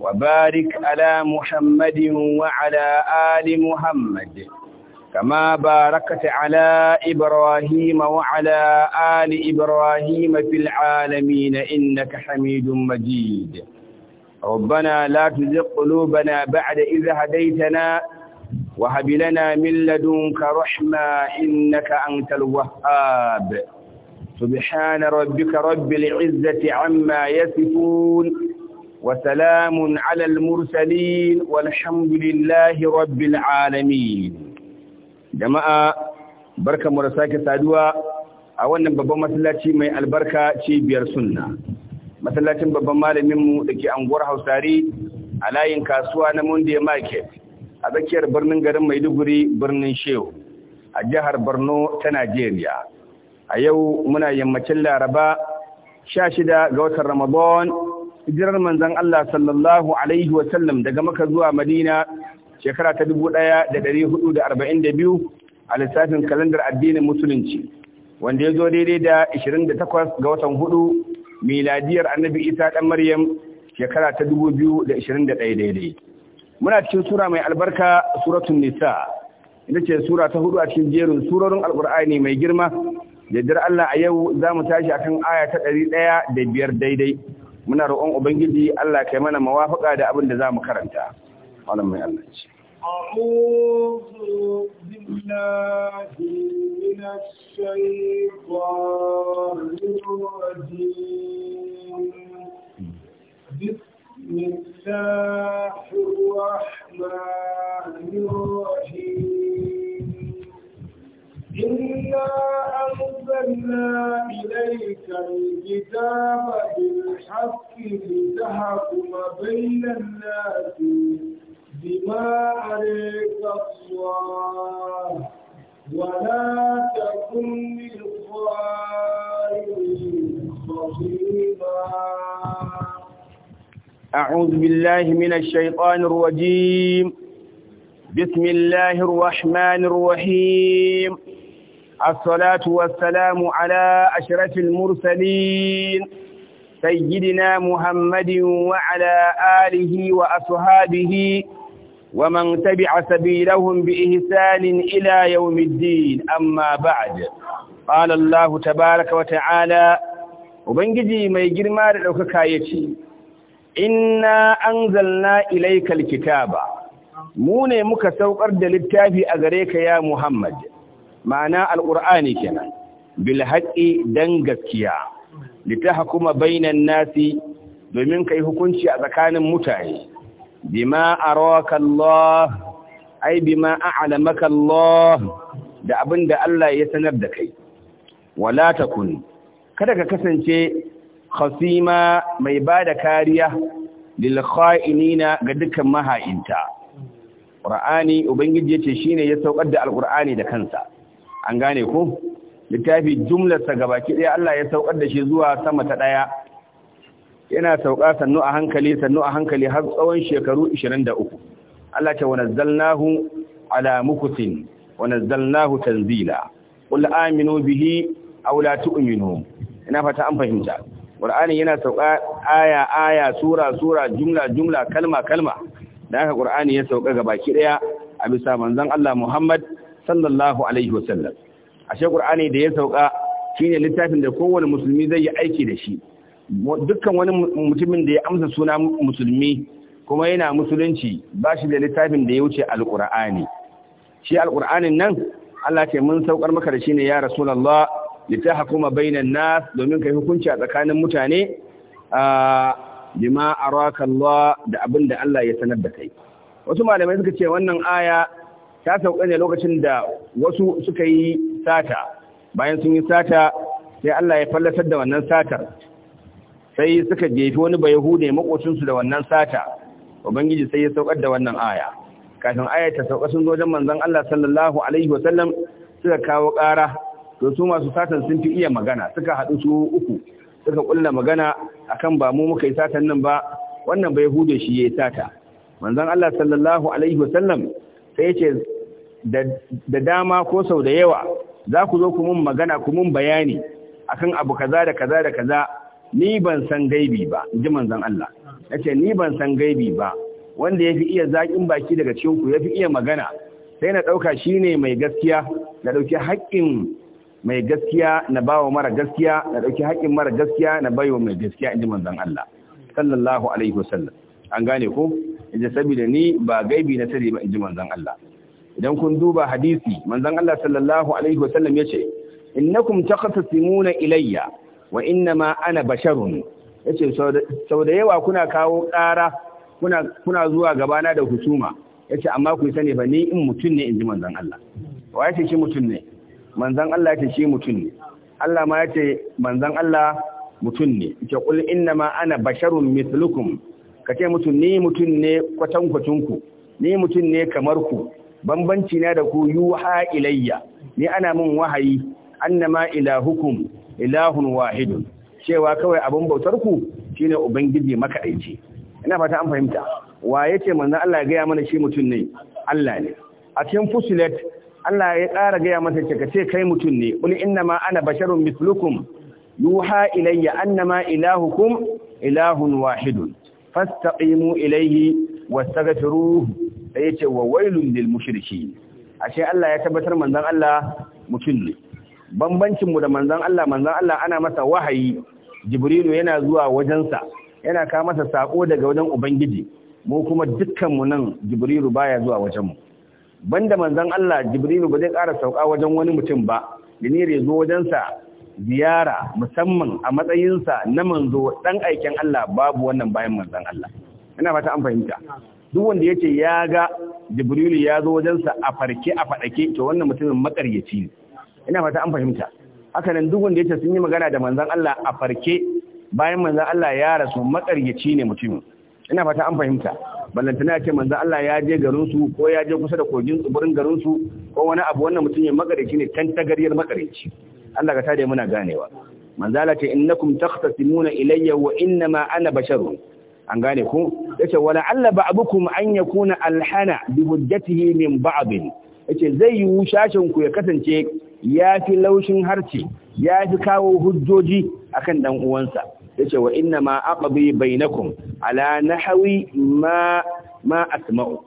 وبارك على محمد وعلى آل محمد كما باركت على إبراهيم وعلى آل إبراهيم في العالمين إنك حميد مجيد ربنا لا تزغ قلوبنا بعد إذ هديتنا وهب لنا من لدنك رحمة إنك أنت الوهاب سبحان ربك رب العزة عما يصفون وسلام على المرسلين والحمد لله رب العالمين جماعة بركة مرساك سادوا أولا بابا مسلاتي مي البركة شي بير سنة مسلاتي بابا مالي ممو لكي أنغور حوساري alayin kasuwa na Monday Market a tsakiyar birnin garin Maiduguri birnin Shehu a jihar Borno ta Najeriya. A yau muna yammacin Laraba shida ga watan Ramadan hijirar manzan Allah sallallahu alaihi wa daga maka zuwa Madina shekara ta 1442 a lissafin kalandar addinin musulunci wanda ya zo daidai da 28 ga watan hudu miladiyar annabi Isa dan Maryam shekara ta 2021 daidai muna cikin sura mai albarka suratun nisa ita ce sura ta hudu a cikin jerin surorin alkur'ani mai girma daidar Allah a yau za mu tashi akan aya ta ɗari ɗaya da biyar daidai muna roƙon ubangiji Allah kai mana mawafaka da abin da za mu karanta wannan mai Allah ce أعوذ بالله من الشيطان الرجيم بسم الله الرحمن الرحيم إنا أنزلنا إليك الكتاب بالحق ما بين الناس بما عليك الله ولا تكن للظالمين أعوذ بالله من الشيطان الرجيم بسم الله الرحمن الرحيم الصلاة والسلام على أشرف المرسلين سيدنا محمد وعلى آله وأصحابه ومن تبع سبيلهم بإحسان إلى يوم الدين أما بعد قال الله تبارك وتعالى وبنجي ما يجرما دوكا يتي إنا أنزلنا إليك الكتاب mu ne muka saukar da littafi a gare ka ya Muhammad ma'ana alqur'ani kuma bainan nasi domin kai hukunci a tsakanin mutane bima araka Allah ai bima a'lamaka Allah da abinda Allah ya sanar da kai wala takun kada ka kasance khasima mai bada kariya lil kha'inina ga dukkan maha'inta Qur'ani ubangiji yace shine ya saukar da alqur'ani da kansa an gane ko littafi jumlarsa gabaki ɗaya Allah ya saukar da shi zuwa sama ta ɗaya yana sauka sannu a hankali sannu a hankali har tsawon shekaru 23 Allah ce wa nazzalnahu ala mukutin wa nazzalnahu tanzila qul aminu bihi aw la tu'minu ina fata an fahimta Qur'ani yana sauka aya aya sura sura jumla jumla kalma kalma dan haka Qur'ani ya sauka gabaki ɗaya a bisa manzon Allah Muhammad sallallahu alaihi wasallam ashe qur'ani da ya sauka shine littafin da kowane musulmi zai yi aiki da shi dukkan wani mutumin da ya amsa suna musulmi kuma yana musulunci ba shi da littafin da ya wuce alqur'ani shi alqur'anin nan Allah ce mun saukar maka da shi ne ya rasulullah litahkuma bainan nas domin kai hukunci a tsakanin mutane a ah, bima araka Allah da abinda Allah ya sanar da kai wasu malamai suka ce wannan aya ta sauka ne lokacin da wasu suka yi sata bayan sun yi sata sai Allah ya fallasar da wannan satar sai suka jefi wani bai hude makocinsu da wannan sata ubangiji sai ya saukar da wannan aya kafin aya ta sauka sun zo wajen manzon Allah sallallahu alaihi wasallam suka kawo ƙara to su masu satan sun fi iya magana suka haɗu su uku suka ƙulla magana akan ba mu muka yi satan nan ba wannan bai hude shi ya yi sata manzon Allah sallallahu alaihi wasallam sai ce da dama ko sau da yawa za ku zo ku mun magana ku mun bayani akan abu kaza da kaza da kaza ni ban san gaibi ba in ji manzon Allah ce ni ban san gaibi ba wanda yafi iya zakin baki daga cikin ku yafi iya magana sai na dauka shine mai gaskiya na dauki haƙƙin mai gaskiya na bawa mara gaskiya na dauki haƙƙin mara gaskiya na bayo mai gaskiya in ji manzon Allah sallallahu alaihi wasallam an gane ko yace saboda ni ba gaibi na sani ba inji manzon Allah idan kun duba hadisi manzon Allah sallallahu alaihi wasallam yace innakum taqtasimuna ilayya wa innama ana basharun yace sau da yawa kuna kawo ƙara kuna kuna zuwa gabana da husuma yace amma ku sani ba ni in mutun ne inji manzon Allah wa yace shi mutun ne manzon Allah yace shi mutun ne Allah ma yace manzon Allah mutun ne yace qul innama ana basharun mithlukum ka ce mutum, ni mutum ne kwatan-kwatan ku ni mutum ne kamar ku bambanci na da ku yuha ilayya ni ana min wahayi annama ilahukum ilahun wahidun cewa kawai abin bautar ku shine ubangiji aiki. ina fata an fahimta wa yace manzon Allah ya gaya mana shi mutum ne Allah ne a cikin fusilat Allah ya ƙara gaya masa ce kace kai mutum ne qul inna ma ana basharun mislukum yuha ilayya annama ilahukum ilahun wahidun fastaqimu ilaihi wastaghfiruhu sai wa wailun lil mushrikin ashe Allah ya tabbatar manzon Allah mutum ne bambancin mu da manzon Allah manzon Allah ana masa wahayi jibrilu yana zuwa wajensa yana ka masa sako daga wajen ubangiji mu kuma dukkan mu nan jibrilu baya zuwa wajen mu banda manzon Allah jibrilu ba zai ƙara sauka wajen wani mutum ba dinire ne zo wajensa ziyara musamman a matsayinsa na manzo dan aikin Allah babu wannan bayan manzon Allah ina fata an fahimta duk wanda yake ya ga Jibrilu ya zo wajensa a farke a fadake to wannan mutumin makaryaci ne ina fata an fahimta haka nan duk wanda yake sun yi magana da manzon Allah a farke bayan manzon Allah ya rasu makaryaci ne mutumin ina fata an fahimta ballantana ya ce manzan Allah ya je garin su ko ya je kusa da kogin tsibirin garin su ko wani abu wannan mutum ya makaryaci ne kan tagaryar makareci Allah ka tare muna ganewa manzala ce innakum takhtasimuna ilayya wa innama ana basharu. an gane ku yace wala alla ba'dukum an yakuna alhana bi hujjatihi min ba'd yace zai yi wushashin ku ya kasance yafi laushin ya fi kawo hujjoji akan dan uwansa yace wa innama aqdi bainakum ala nahwi ma ma asma'u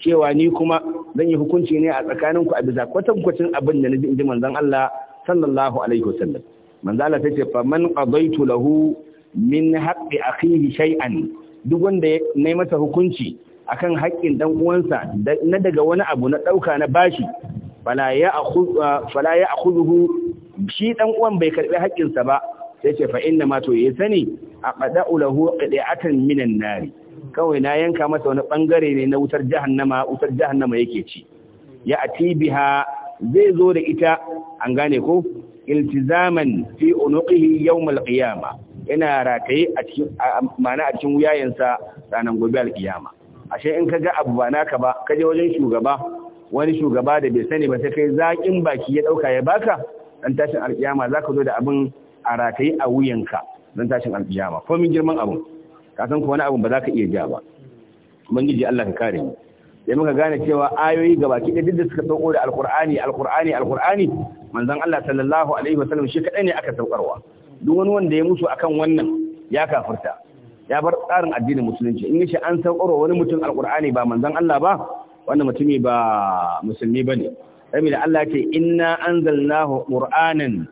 cewa ni kuma zan yi hukunci ne a tsakaninku a bisa kwatankwacin abin da na ji in ji manzon Allah sallallahu alaihi wasallam manzo Allah sai ce fa man qadaitu lahu min haqqi akhihi shay'an duk wanda ne masa hukunci akan haƙƙin dan uwansa na daga wani abu na dauka na bashi fala ya akhudhu shi dan uwan bai karbi haƙƙin sa ba sai ce fa inna ma to ya sani aqda'u lahu qida'atan minan nari kawai na yanka masa wani bangare ne na wutar jahannama wutar jahannama yake ci ya atibiha zai zo da ita an gane ko iltizaman fi unuqihi yawm alqiyama yana rataye a cikin ma'ana a cikin wuyayensa ranar gobe alqiyama ashe in kaga abu ba naka ba kaje wajen shugaba wani shugaba da bai sani ba sai kai zakin baki ya dauka ya baka dan tashin alqiyama zaka zo da abin a rataye a wuyanka dan tashin alqiyama ko min girman abu ka san ko wani abu ba za ka iya ja ba ubangiji Allah ka kare mu da muka gane cewa ayoyi baki da duk da suka sauko da alkurani alkurani alkurani manzon Allah sallallahu alaihi wasallam shi kadai ne aka saukarwa duk wani wanda ya mutu akan wannan ya kafirta ya bar tsarin addinin musulunci in shi an saukarwa wani mutum alkur'ani ba manzon Allah ba wannan mutumi ba musulmi bane da Allah ce inna anzalnahu qur'anan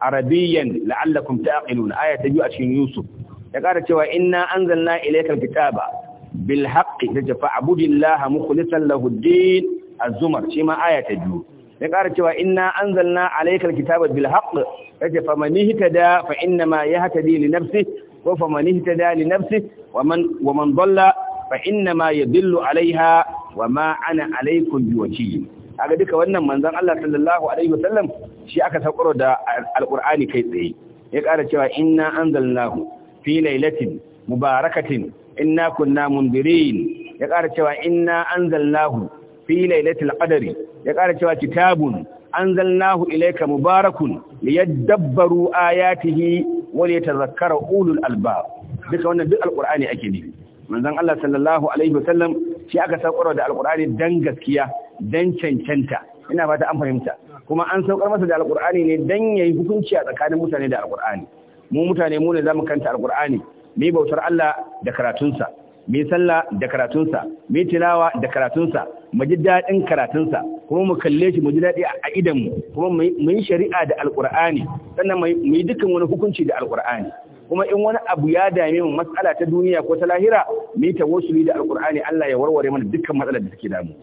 arabiyyan la'allakum ta'qilun aya ta biyu a cikin Yusuf ya kara cewa inna anzalna ilaykal kitaba bil haqqi da fa'budillaha mukhlishan lahu ad-din az-zumar shi ma aya ta biyu ya ƙara cewa inna anzalna alaykal kitaba bil haqq yace fa man da fa ina ma yahtadi li nafsi wa fa man ihtada li nafsi wa man wa man dalla fa ina ma ya yadillu alaiha wa ma ana a bi wakil kaga duka wannan manzan Allah sallallahu alaihi wa Sallam shi aka sakuro da alqur'ani kai tsaye ya ƙara cewa ina inna anzalnahu fi lailatin mubarakatin inna kunna mundirin ya ƙara cewa inna anzalnahu fi lailatul qadri ya ƙara cewa kitabun anzalnahu ilayka mubarakun liyadabbaru ayatihi wa liyatadhakkara ulul albab duka wannan duk alqur'ani ake ne manzon Allah sallallahu alaihi wasallam shi aka saukar da alqur'ani dan gaskiya dan cancanta ina fata an fahimta kuma an saukar masa da alqur'ani ne dan yayi hukunci a tsakanin mutane da alqur'ani mu mutane mu ne zamu kanta alqur'ani mai bautar Allah da karatunsa mai sallah da karatunsa mai tilawa da karatunsa mu ji daɗin karatunsa kuma mu kalle shi mu ji daɗi a idanmu kuma mu yi shari'a da alƙur'ani sannan mu yi dukkan wani hukunci da alƙur'ani kuma in wani abu ya dame mu matsala ta duniya ko ta lahira mu yi tawassuli da alƙur'ani Allah ya warware mana dukkan matsalar da take damu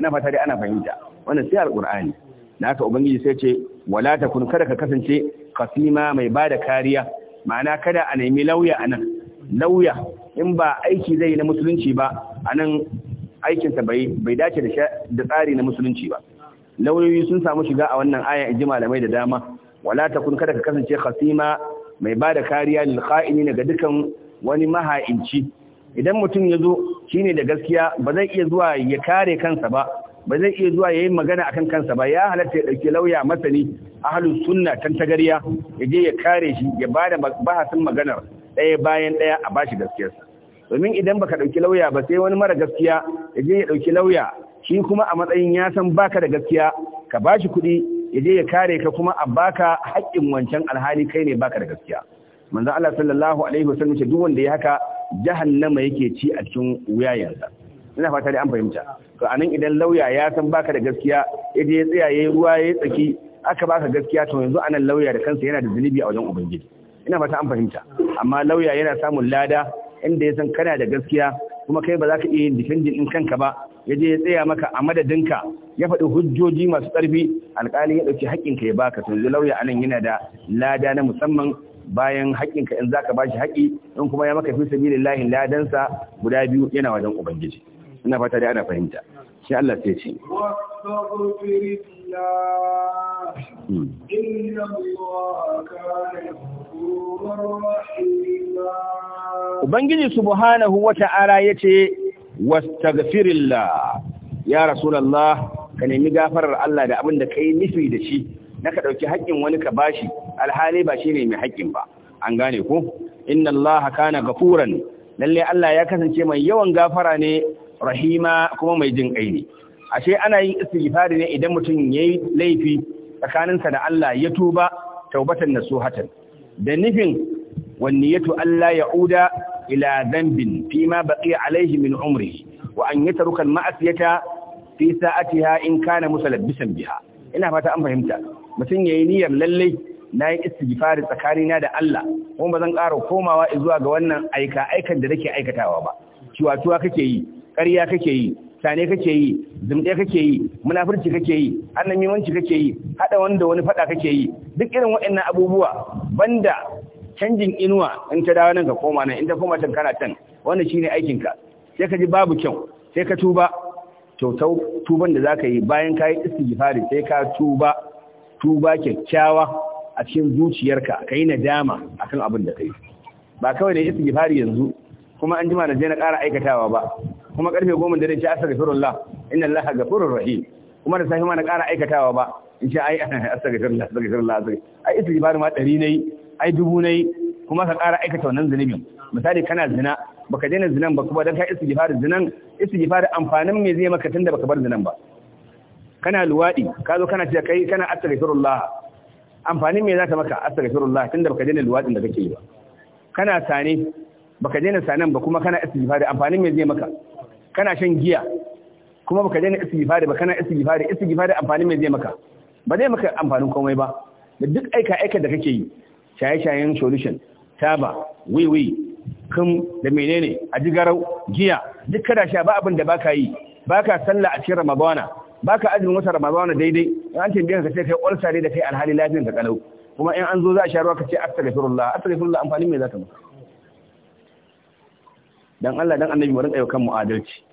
ina fata dai ana fahimta wannan sai alƙur'ani na haka ubangiji sai ce wala kun kada ka kasance kasima mai bada kariya ma'ana kada a nemi lauya a nan lauya in ba aiki zai na musulunci ba a nan aikinsa bai dace da tsari na musulunci ba lauyoyi sun samu shiga a wannan aya in ji malamai da dama wala takun kada ka kasance khasima mai ba da kariya lil kha'ini ga dukan wani maha'inci idan mutum ya zo shine da gaskiya ba zai iya zuwa ya kare kansa ba ba zai iya zuwa ya yayin magana akan kansa ba ya halatta ya ɗauki lauya masani ahlus sunna tagariya ya je ya kare shi ya bada bahasin maganar ɗaya bayan ɗaya a bashi gaskiyarsa domin idan baka ɗauki lauya ba sai wani mara gaskiya ya je ya dauki lauya shi kuma a matsayin ya san baka da gaskiya ka bashi kuɗi ya je ya kare ka kuma a baka haƙƙin wancan alhali kai ne baka da gaskiya manzo Allah sallallahu alaihi wasallam ce duk wanda ya haka jahannama yake ci a cikin wuyayensa ina fata da an fahimta to anan idan lauya ya san baka da gaskiya ya ya tsaya yayi ruwa yayi tsaki aka baka gaskiya to yanzu anan lauya da kansa yana da zunubi a wajen ubangiji ina fata an fahimta amma lauya yana samun lada inda ya san kana da gaskiya kuma kai ba za ka iya yin defending din kanka ba ya je ya tsaya maka a madadinka ya faɗi hujjoji masu ƙarfi alƙali ya ɗauki haƙƙinka ya baka to yanzu lauya anan yana da lada na musamman bayan haƙƙinka in zaka bashi haƙƙi in kuma ya maka fi sabilillahi ladansa guda biyu yana wajen ubangiji ina fata dai ana fahimta sai Allah sai ce hmm. Ubangiji subhanahu wa ta'ala ya ce, Wastaghfirillah, ya Rasulallah, ka nemi gafarar Allah da abin da ka yi nufi da shi, na ka ɗauki haƙƙin wani ka bashi, alhali ba shi ne mai haƙƙin ba, an gane ko? Inna Allah kana gafuran, lalle Allah ya kasance mai yawan gafara ne rahima kuma mai jin ƙai ne ashe ana yin istighfari ne idan mutum yayi laifi tsakaninsa da Allah ya tuba taubatan nasuhatan da nufin wanniyatu Allah ya'uda ila dhanbin fima baqiya alaihi min umri wa an yatruka ma'asiyata masiyata fi sa'atiha in kana biha ina fata an fahimta mutum yayi niyyar lalle na yi istighfari tsakanina da Allah kuma ba zan ƙara komawa zuwa ga wannan aika aikan da nake aikatawa ba ciwa kake yi ƙarya kake yi sane kake yi zumɗe kake yi munafurci kake yi annamimanci kake yi haɗa wanda wani faɗa kake yi duk irin waɗannan abubuwa banda canjin inuwa in ta dawo nan ka koma nan in ta koma can kana can wannan shine aikin ka sai ka ji babu kyau sai ka tuba to tuban da zaka yi bayan ka yi istighfari sai ka tuba tuba kyakkyawa a cikin zuciyarka kai nadama akan abin da kai ba kawai ne istighfari yanzu kuma an jima da zai na ƙara aikatawa ba kuma ƙarfe goma shi da rinci astaghfirullah inna ga ghafurur rahim kuma da safe ma na ƙara aikatawa ba in ce ai astaghfirullah astaghfirullah ai istighfar ma ɗari nayi ai dubu nayi kuma ka ƙara aikata wannan zunubin misali kana zina baka daina zinan ba kuma dan ka istighfar zinan istighfar amfanin me zai maka tunda baka bar zinan ba kana luwadi ka zo kana cewa kai kana astaghfirullah amfanin me za ta maka astaghfirullah tunda baka daina luwadin da kake yi ba kana sane baka daina sanan ba kuma kana istighfari amfani me zai maka kana shan giya kuma baka daina istighfari ba kana istighfari istighfari amfani me zai maka ba zai maka amfanin komai ba da duk aika aika da kake yi shaye-shayen solution taba wiwi kum da menene a jigarau giya duk kada sha ba abin da baka yi baka sallah a cikin ramadana baka azumin wata ramadana daidai in an tambaye ka sai kai ulsa ne da kai alhali lafiyar ka kalau kuma in an zo za a sha ruwa ka ce astaghfirullah astaghfirullah amfani me zaka maka dan Allah dan annabi mu rinka yau kanmu mu adalci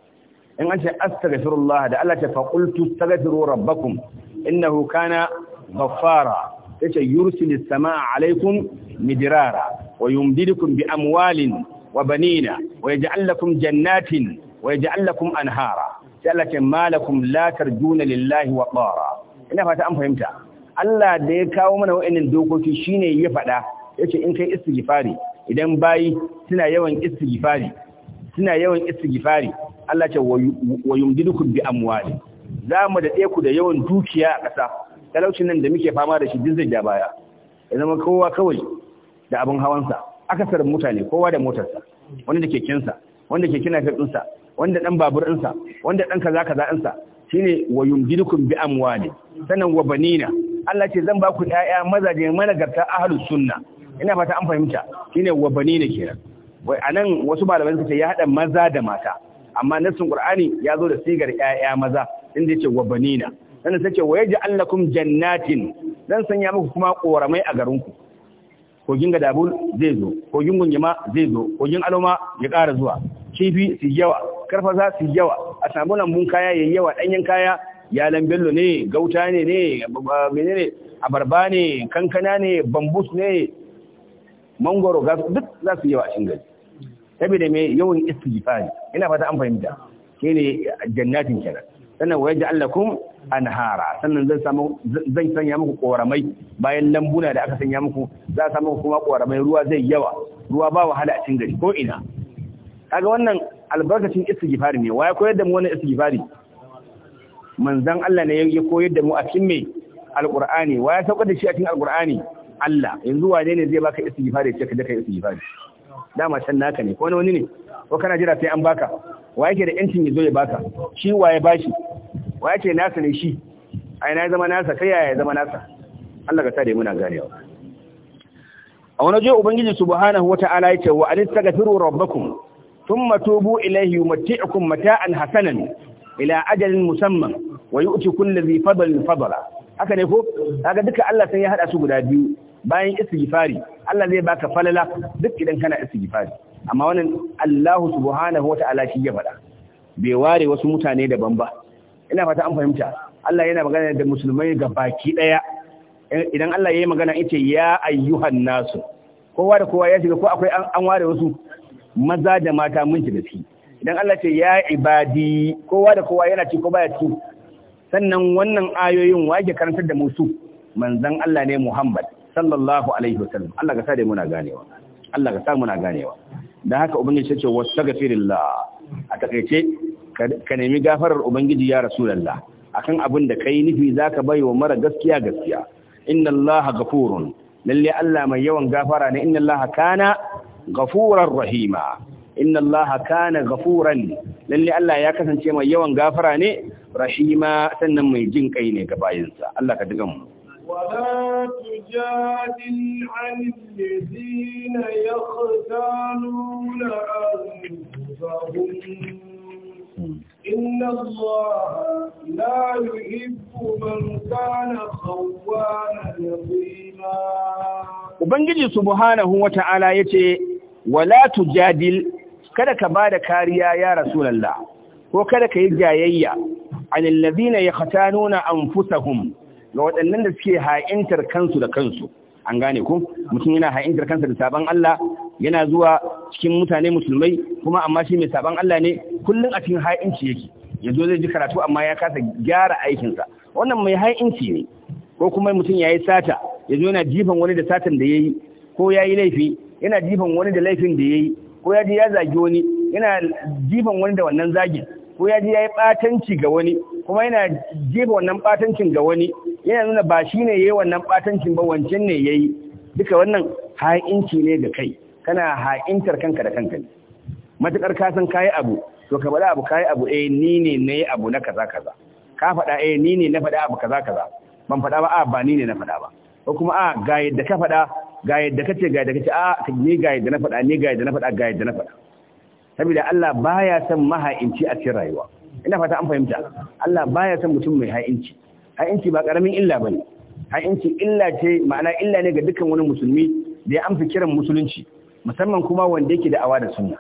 in an ce astaghfirullah da Allah ta faqultu astaghfiru rabbakum innahu kana ghaffara yace yursilis samaa alaikum midrara wa yumdidukum bi amwalin wa banina wa yaj'al lakum jannatin wa yaj'al lakum anhara sai Allah ce malakum la tarjuna lillahi wa qara ina fata an fahimta Allah da ya kawo mana wa'annan dokoki shine ya faɗa yace in kai istighfari idan bayi suna yawan istighfari suna yawan istighfari Allah ce wa yumdidukum bi amwali za mu da ku da yawan dukiya a ƙasa talaucin nan da muke fama da shi dizai da baya ya zama kowa kawai da abin hawansa akasarin mutane kowa da motarsa wanda da kekensa wanda keke na fitinsa wanda dan babur ɗinsa wanda dan kaza kaza ɗinsa shine wa yumdidukum bi amwali sanan wa banina Allah ce zan ba ku ƴaƴa mazaje managarta ahlus sunna ina fata an fahimta shine wa banina kenan a nan wasu malamai suka ce ya haɗa maza da mata amma nassin qur'ani ya zo da sigar ƴaƴa maza inda yake wa banina sai ce wa yaj'al lakum jannatin dan sanya muku kuma koramai a garin ku kogin gadabul zai zo kogin gungima zai zo kogin aloma ya ƙara zuwa kifi su yawa karfasa su yawa a samu lambun kaya yayi yawa ɗanyen kaya ya lambello ne gauta ne ne menene abarba ne kankana ne bambus ne mangoro duk za su yawa a cikin gari saboda mai yawan istighfari ina fata an fahimta shine jannatin kenan sannan wa yaj'alakum anhara sannan zan samu zan sanya muku koramai bayan lambuna da aka sanya muku za a samu kuma koramai ruwa zai yawa ruwa ba wahala a cikin gari ko ina kaga wannan albarkacin istighfari ne waya koyar da mu wannan istighfari Manzan Allah ne ya koyar da mu a cikin me alqur'ani waya saukar da shi a cikin alqur'ani Allah yanzu wane ne zai baka istighfari sai ka da kai istighfari dama can naka ne ko wani ne ko kana jira sai an baka wa yake da yancin ya zo ya baka shi wa ya bashi wa yake nasa ne shi ai na zama nasa kai ya zama nasa Allah ka tare muna ganewa a wani je ubangiji subhanahu wata'ala yace wa anistaghfiru rabbakum thumma tubu ilayhi yumti'ukum mata'an hasanan ila ajalin musamman wa yu'ti kulli dhi fadlin fadla haka ne ko kaga duka Allah sai ya hada su guda biyu bayan istighfari Allah zai baka falala duk idan kana istighfari amma wannan Allah subhanahu wata'ala shi ya faɗa bai ware wasu mutane daban ba ina fata an fahimta Allah yana magana da musulmai ga baki daya idan Allah yayi magana yace ya ayyuhan nasu kowa da kowa ya shiga ko akwai an ware wasu maza da mata mun ji ciki idan Allah ce ya ibadi kowa da kowa yana ci ko baya ci sannan wannan ayoyin wage karantar da musu manzon Allah ne Muhammad sallallahu alaihi wasallam Allah ka sa dai muna ganewa Allah ka sa muna ganewa dan haka ubangiji yace wastaghfirillah a takeice ka nemi gafarar ubangiji ya rasulullah akan abin da kai nufi zaka bai wa mara gaskiya gaskiya inna allaha ghafurun lalle Allah mai yawan gafara ne inna allaha kana ghafurar rahima inna allaha kana ghafuran lalle Allah ya kasance mai yawan gafara ne rahima sannan mai jin kai ne ga bayinsa Allah ka dukan mu ولا تجادل عن الذين يختالون أنفسهم إن الله لا يحب من كان خوانا نظيما Ubangiji subhanahu wa ta'ala ya ce, Wala tujadil, kada ka ba da kariya ya Rasulallah, ko kada ka yi jayayya, anillazina ya khatanuna anfusahum ga waɗannan da suke ha'intar kansu da kansu an gane ku. mutum yana ha'intar kansa da saban Allah yana zuwa cikin mutane musulmai kuma amma shi mai sabon Allah ne kullum a cikin ha'inci yake yanzu zai ji karatu amma ya kasa gyara aikinsa wannan mai ha'inci ne ko kuma mutum ya yi sata yanzu yana jifan wani da satan da ya yi ko ya yi laifi yana jifan wani da laifin da ya yi ko ya ji ya zagi wani yana jifan wani da wannan zagin ko ya ji ya yi ɓatanci ga wani kuma yana jefa wannan batancin ga wani yana nuna ba shi ne ya yi wannan batancin ba wancan ne ya yi. duka wannan ha'inci ne ga kai kana ha'intar kanka da kanka ne Matuƙar ka san kayi abu to ka faɗa abu kayi abu eh ni ne na yi abu na kaza kaza ka faɗa eh ni ne na faɗa abu kaza kaza ban faɗa ba a ah, ba ni ne na faɗa ba ko kuma a ah, ga yadda ka faɗa ga yadda ka ce ga yadda ka ce a ah, ni ga yadda na faɗa ni ga yadda na faɗa ga yadda na faɗa saboda Allah baya son maha'inci a cikin rayuwa ina fata an fahimta Allah baya son mutum mai ha'inci ha'inci ba karamin illa bane ha'inci illa ce ma'ana illa ne ga dukkan wani musulmi da ya amsa kiran musulunci musamman kuma wanda yake da awa da sunna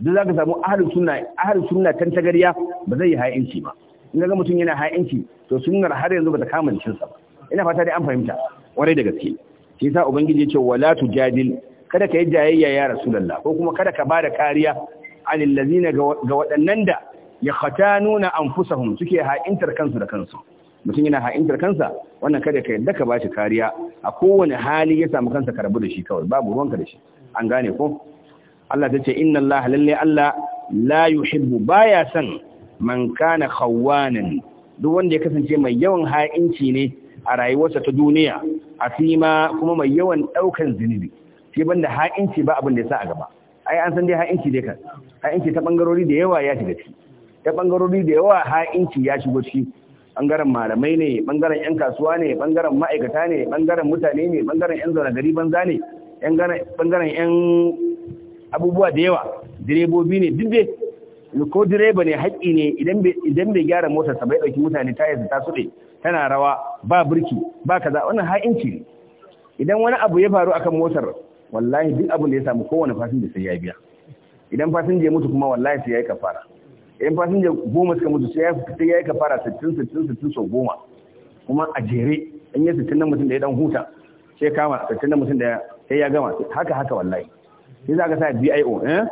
duk zaka samu ahlus sunna ahlus sunna tantagariya ba zai yi ha'inci ba in ga mutum yana ha'inci to sunnar har yanzu bata kama cin sa ba ina fata dai an fahimta kwarai da gaske shi yasa ubangiji ya ce wala tujadil kada ka yi jayayya ya rasulullah ko kuma kada ka bada kariya alil ladina ga waɗannan da ya fusa hun suke ha'intar kansu da kansu mutum yana ha'intar kansa wannan kada ka yadda ka bashi kariya a kowane hali ya samu kansa rabu da shi kawai babu ruwanka da shi an gane ko Allah ta ce inna Allah lalle Allah la yuhibbu baya san man kana khawanan duk wanda ya kasance mai yawan ha'inci ne a rayuwarsa ta duniya a fima kuma mai yawan daukan zunubi sai banda ha'inci ba abin da ya sa a gaba ai an san dai ha'inci dai kan ha'inci ta bangarori da yawa ya shiga ciki ta bangarori da yawa inci ya shigo shi. bangaren malamai ne bangaren yan kasuwa ne bangaren ma'aikata ne bangaren mutane ne bangaren yan zaune gari banza ne bangaren yan abubuwa da yawa direbobi ne duk ko direba ne haƙƙi ne idan bai gyara motarsa bai ɗauki mutane ta yanzu ta suɗe tana rawa ba birki ba kaza wannan ha'inci ne idan wani abu ya faru akan motar wallahi duk abin da ya samu kowane fasinja sai ya biya idan fasinja ya mutu kuma wallahi sai ya yi kafara in fasinja goma suka mutu sai ya fita ya yi kafara 60 60 60 sau goma kuma a jere in yi 60 na mutum da ya dan huta sai ya kama 60 na mutum da sai ya gama haka haka wallahi sai za ka sa BIO eh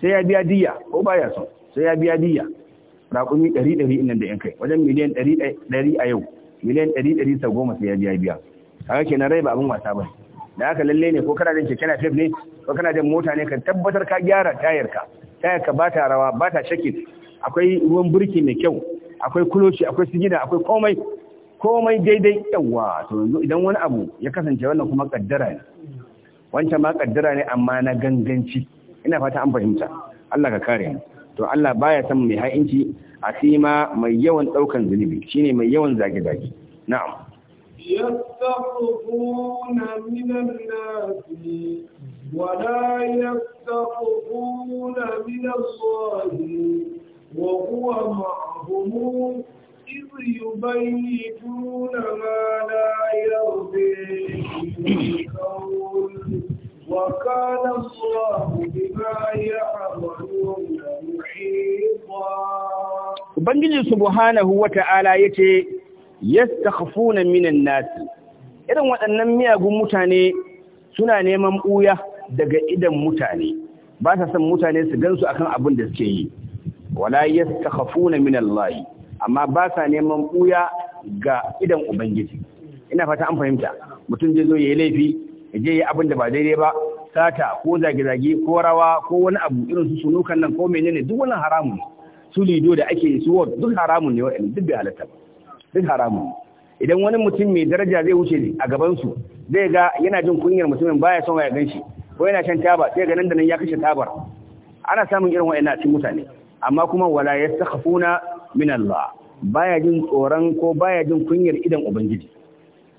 sai ya biya diya ko baya so sai ya biya diya raƙumi 100 100 inda da yan kai wajen miliyan 100 a yau miliyan 100 100 sau goma sai ya biya biya kaga kenan rai ba abin wasa ba da haka lalle ne ko kana jin kekena na ne ko kana jin mota ne ka tabbatar ka gyara tayar ka tayar ka ba ta rawa ba ta shakin akwai ruwan burki mai kyau akwai kuloci akwai sigida, akwai komai komai daidai yawa to yanzu idan wani abu ya kasance wannan kuma kaddara ne wancan ma kaddara ne amma na ganganci ina fata an fahimta Allah ka kare mu to Allah baya san mai ha'inci a sima mai yawan daukan zunubi shine mai yawan zage-zage na'am ولا يستخفون من الله وهو معهم إذ يبيتون ما لا يرضي من وكان الله بما يعملون محيطا Ubangiji subhanahu wa ta'ala ya ce, minan nasi, irin waɗannan miyagun mutane suna neman ɓuya daga idan mutane ba ta san mutane su gansu akan abin da suke yi wala yastakhafuna min Allah amma ba sa neman buya ga idan ubangiji ina fata an fahimta mutum zai zo yayi laifi je yayi abin da ba daidai ba sata ko zage-zage ko rawa ko wani abu irin su sunukan nan ko menene duk wannan haramun su lido da ake su wa duk haramun ne wa'in duk bai halatta duk haramun idan wani mutum mai daraja zai wuce a gaban su zai ga yana jin kunyar mutumin baya son ya ganshi ko yana shan taba sai ga nan da nan ya kashe tabar ana samun irin a cikin mutane amma kuma wala yastakhafuna min Allah baya jin tsoron ko baya jin kunyar idan ubangiji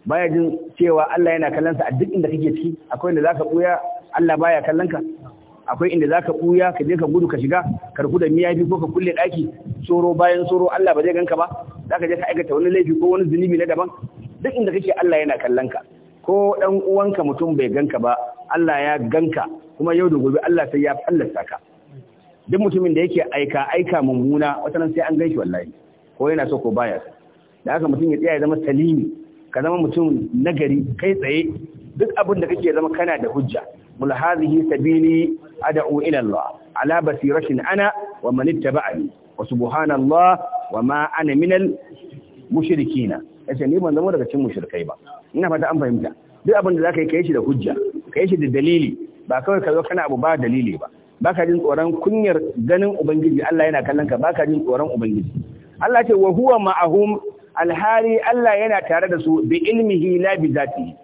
baya jin cewa Allah yana kallon a duk inda kake ciki akwai inda zaka buya Allah baya kallon ka akwai inda zaka buya ka je ka gudu ka shiga ka rufu da miya bi ko ka kulle daki tsoro bayan tsoro Allah ba zai ganka ba zaka je ka aikata wani laifi ko wani zunubi na daban duk inda kake Allah yana kallon ka ko dan uwanka mutum bai ganka ba Allah ya ganka kuma yau da gobe Allah sai ya fallasa ka duk mutumin da yake aika aika mummuna wata nan sai an ganshi wallahi ko yana so ko baya da haka mutum ya tsaya ya zama salimi ka zama mutum nagari kai tsaye duk abin da kake zama kana da hujja mul hadhihi sabili ad'u ila Allah ala basiratin ana wa man ittaba'ani wa subhanallah wa ma ana minal mushrikina yace ni ban zama daga cikin mushrikai ba ina fata an fahimta duk abin da zaka yi kai shi da hujja kai shi da dalili ba kawai ka zo kana abu ba dalili ba baka jin tsoron kunyar ganin ubangiji Allah yana kallon ka baka jin tsoron ubangiji Allah ce wa huwa ma'ahum alhari Allah yana tare da su bi ilmihi la bi zati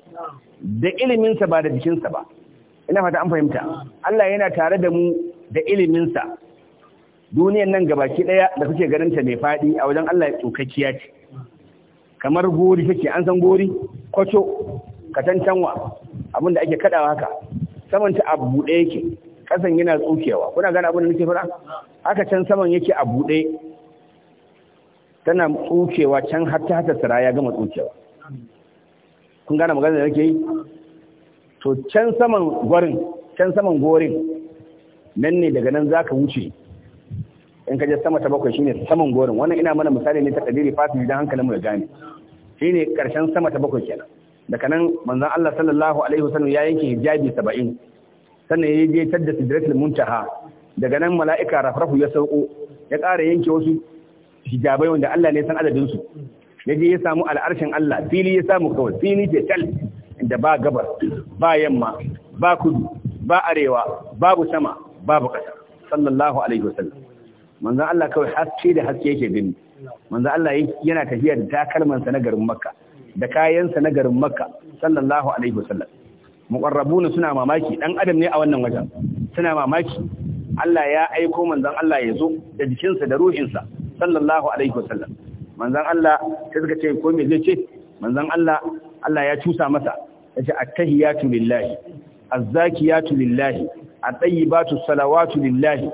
da ilimin sa ba da jikin sa ba ina fata an fahimta Allah yana tare da mu da ilimin sa duniyan nan gabaki daya da kuke ganin ta mai fadi a wajen Allah tsokaciya ce kamar gori take an san gori kwaco katantanwa abin da ake kadawa haka saman ta a buɗe yake kasan yana tsukewa kuna gane abin da nake fara haka can saman yake a buɗe tana tsukewa can har ta hata sara ya gama tsukewa kun gane magana da nake yi to can saman gorin can saman gorin nan ne daga nan zaka wuce in ka je sama ta bakwai shine saman gorin wannan ina mana misali ne ta kadiri fasili hankalin hankalinmu ya gane shine karshen sama ta bakwai kenan daga nan manzan Allah sallallahu alaihi wasallam ya yanke hijabi saba'in sannan ya je tadda sidratul muntaha daga nan mala'ika rafrafu ya sauko ya ƙara yanke wasu hijabai wanda Allah ne san adadin su ya je ya samu al'arshin Allah fili ya samu kawai fili ce tal inda ba gabar ba yamma ba kudu ba arewa babu sama babu ƙasa sallallahu alaihi wasallam Allah kawai haske da haske yake gani manzon Allah yana tafiya da takalmansa na garin Makka da kayansa na garin makka sallallahu alaihi wasallam muqarrabuna suna mamaki dan adam ne a wannan wajen suna mamaki Allah ya aiko manzon Allah ya zo da jikinsa da ruhinsa sallallahu alaihi wasallam manzon Allah sai suka ce ko me zai ce manzon Allah Allah ya cusa masa yace attahiyatu lillahi azzakiyatu lillahi at-tayyibatu salawatu lillahi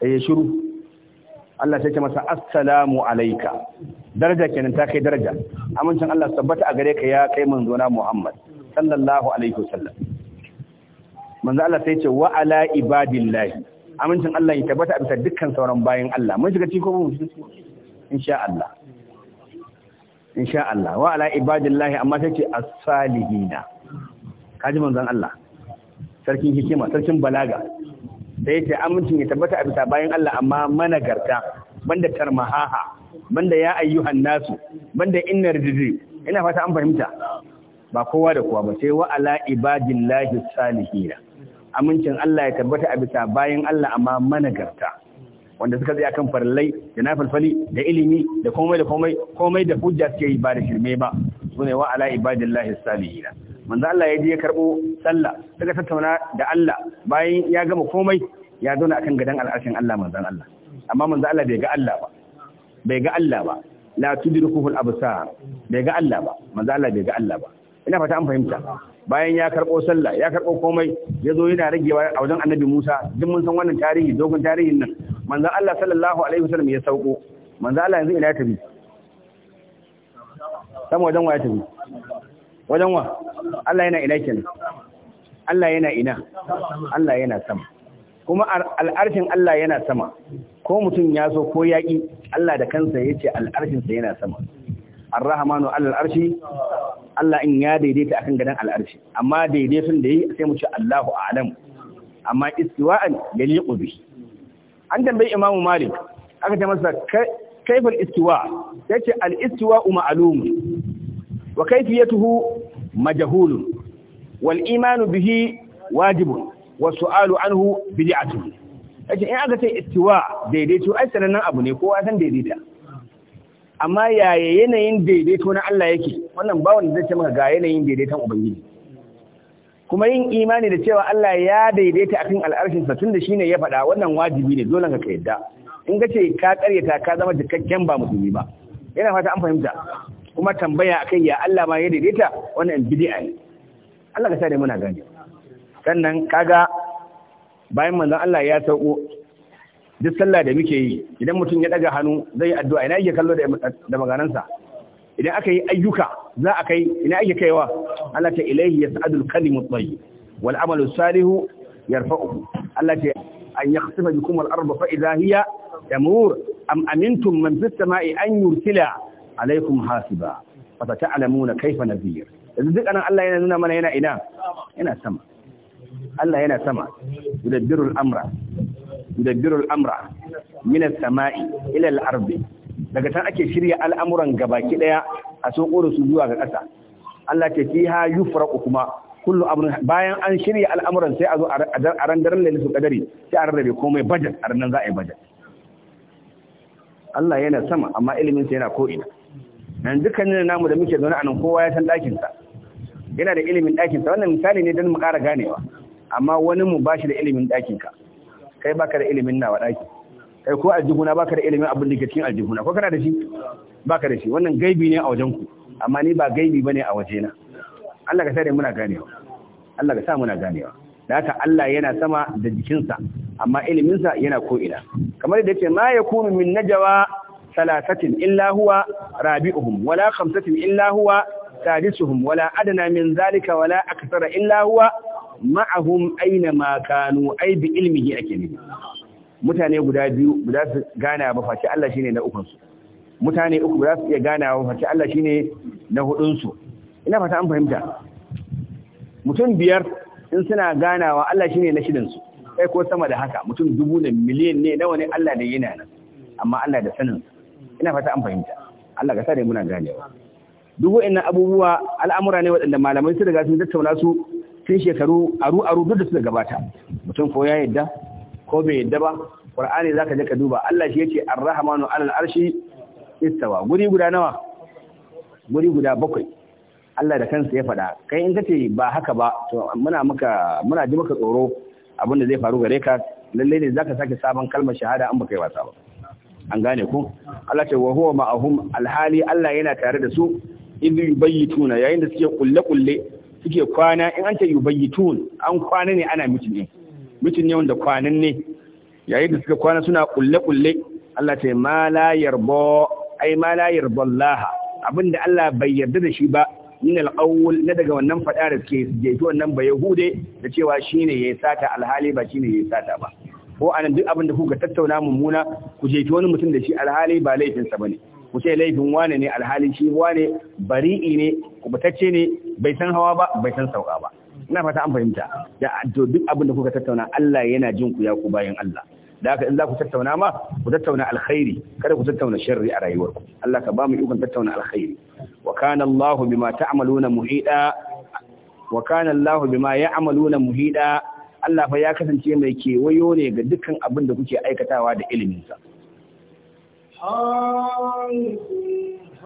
sai ya shiru Allah sai ce masa assalamu alayka daraja kenan ta kai daraja amincin Allah tabbata a gare ka ya kai manzona Muhammad sallallahu alaihi wasallam manzo Allah sai ce wa ala ibadillahi amincin Allah ya tabbata a bisa dukkan sauran bayin Allah mun shiga cikin ko mun shiga insha Allah insha Allah wa ala ibadillahi amma sai ce as-salihina kaji manzon Allah sarkin hikima sarkin balaga sai ce amincin ya tabbata a bisa bayan Allah amma managarta banda tarmahaha banda ya ayyuhan nasu banda inna rijiji ina fata an fahimta ba kowa da kowa ba sai wa ala ibadillahi salihin amincin Allah ya tabbata a bisa bayan Allah amma managarta wanda suka tsaya kan farallai, da falfali, da ilimi da komai da komai komai da hujja suke yi ba da shirme ba sune wa ala ibadillahi salihin manzo Allah ya je ya karbo sallah suka tattauna da Allah bayan ya gama komai ya zauna akan gadan al'arshin Allah Manzan Allah amma manzan Allah bai ga Allah ba bai ga Allah ba la tudrikuhu al-absar bai ga Allah ba manzan Allah bai ga Allah ba ina fata an fahimta bayan ya karbo sallah ya karbo komai ya zo yana ragewa a wajen Annabi Musa duk mun san wannan tarihi dogon tarihin nan manzan Allah sallallahu alaihi wasallam ya sauko manzan Allah yanzu ina ya tafi sama wajen wa ya tafi wajen wa Allah yana ina kenan Allah yana ina Allah yana sama kuma al'arshin Allah yana sama ko mutum ya so ko yaƙi Allah da kansa ya ce al'arshinsa yana sama ar al'arshi Allah in ya daidaita akan gadon al'arshi amma daidaitun da yi sai mu ce Allahu a'lam amma istiwa'an yaliqu bi an tambayi imamu Malik aka ce masa kaifal istiwa ce al-istiwa ma'lum wa kayfiyatuhu majhulun wal imanu bihi wajibun wa su'alu anhu bid'atun yace in aka ce istiwa daidaito ai sanannen abu ne kowa san daidaita amma yaya yanayin daidaito na Allah yake wannan ba wanda zai ce maka ga yanayin daidaiton ubangiji kuma yin imani da cewa Allah ya daidaita akan al'arshin sa tunda shine ya faɗa wannan wajibi ne dole ka yadda in ka ce ka karyata ka zama jikakken ba musulmi ba yana fata an fahimta kuma tambaya akan ya Allah ma ya daidaita wannan bid'a ne Allah ka sa da muna gane sannan kaga bayan manzon Allah ya sauko duk sallah da muke yi idan mutum ya daga hannu zai addu'a ina yake kallo da maganarsa. idan aka yi ayyuka za a kai ina ake kaiwa Allah ta ilaihi yas'adul kalimu tayyib wal amalu salihu yarfa'uhu Allah ta an yakhsifa bikum al arda fa idha hiya tamur am amintum man fis sama'i an yursila alaikum hasiba fa ta'lamuna kayfa nadhir yanzu duk anan Allah yana nuna mana yana ina sama Allah yana sama yudabbirul amra yudabbirul amra minas sama'i ila al-ardi daga tan ake shirya al'amuran gabaki daya a sokoro su zuwa ga ƙasa Allah ke ha yufraqu kuma kullu amrin bayan an shirya al'amuran sai a zo a ran daren su ƙadari sai a rarrabe komai budget a ranan za a yi bajet. Allah yana sama amma ilimin sa yana ko ina nan dukkanin namu da muke zaune a nan kowa ya san ɗakinsa, sa yana da ilimin ɗakinsa. sa wannan misali ne don mu ƙara ganewa amma wani mu ba shi da ilimin ɗakin ka kai baka da ilimin nawa ɗaki kai ko aljihuna baka da ilimin abin da ke cikin aljihuna ko kana da shi ka da shi wannan gaibi ne a wajen ku amma ni ba gaibi bane a wajena. Allah ka sa muna ganewa Allah ka sa muna ganewa da haka Allah yana sama da jikinsa amma iliminsa yana ko'ina kamar da ce ma ya kunu min najawa salatatin illa huwa rabi'uhum wala khamsatin illa huwa sadisuhum wala adana min zalika wala akthara illa huwa ma'ahum aina ma kanu ai bi ilmihi ake ne mutane guda biyu ba za su gana ba face Allah shine na ukun su mutane uku ba za su iya gana ba face Allah shine na hudun su ina fata an fahimta mutum biyar in suna ganawa Allah shine na shidan su kai ko sama da haka mutum dubu ne miliyan ne nawa ne Allah da yana nan amma Allah da sanin ina fata an fahimta Allah ka sa dai muna ganewa duk wa'annan abubuwa al'amura ne waɗanda malamai su riga sun tattauna su tun shekaru aru aru duk da suka gabata mutum ko ya yadda ko bai yadda ba qur'ani zaka je ka duba Allah shi ya ce rahmanu 'alal arshi istawa guri guda nawa guri guda bakwai Allah da kansa ya faɗa kai in kace ba haka ba to muna maka muna ji maka tsoro abin da zai faru gare ka lalle ne zaka sake sabon kalmar shahada an baka yi wasa ba an gane ku Allah ce wa huwa ma'ahum alhali Allah yana tare da su in yubayituna yayin da suke kulle kulle suke kwana in an ce an kwana ne ana mutum ne Mutum ne wanda kwanan ne yayin da suka kwana suna kulle kulle Allah ta ma la yarba ai ma la yarba Allah abinda Allah bai yarda da shi ba min al-awwal na daga wannan fada da suke to wannan ba yahude da cewa shine yayi sata alhali ba shine yayi sata ba ko anan duk abinda kuka tattauna mummuna ku to wani mutum da shi alhali ba laifinsa bane ku ce laifin wane ne alhali shi wane bari'i ne batacce ne bai san hawa ba bai san sauka ba ina fata an fahimta da abinda duk abin da kuka tattauna Allah yana jin ku ya ku bayan Allah da haka in za ku tattauna ma ku tattauna alkhairi kada ku tattauna sharri a rayuwarku Allah ka ba mu ikon tattauna alkhairi wa kana Allah bima ta'maluna muhida wa kana Allah bima ya'maluna muhida Allah fa ya kasance mai kewayo ne ga dukkan abin da kuke aikatawa da iliminsa.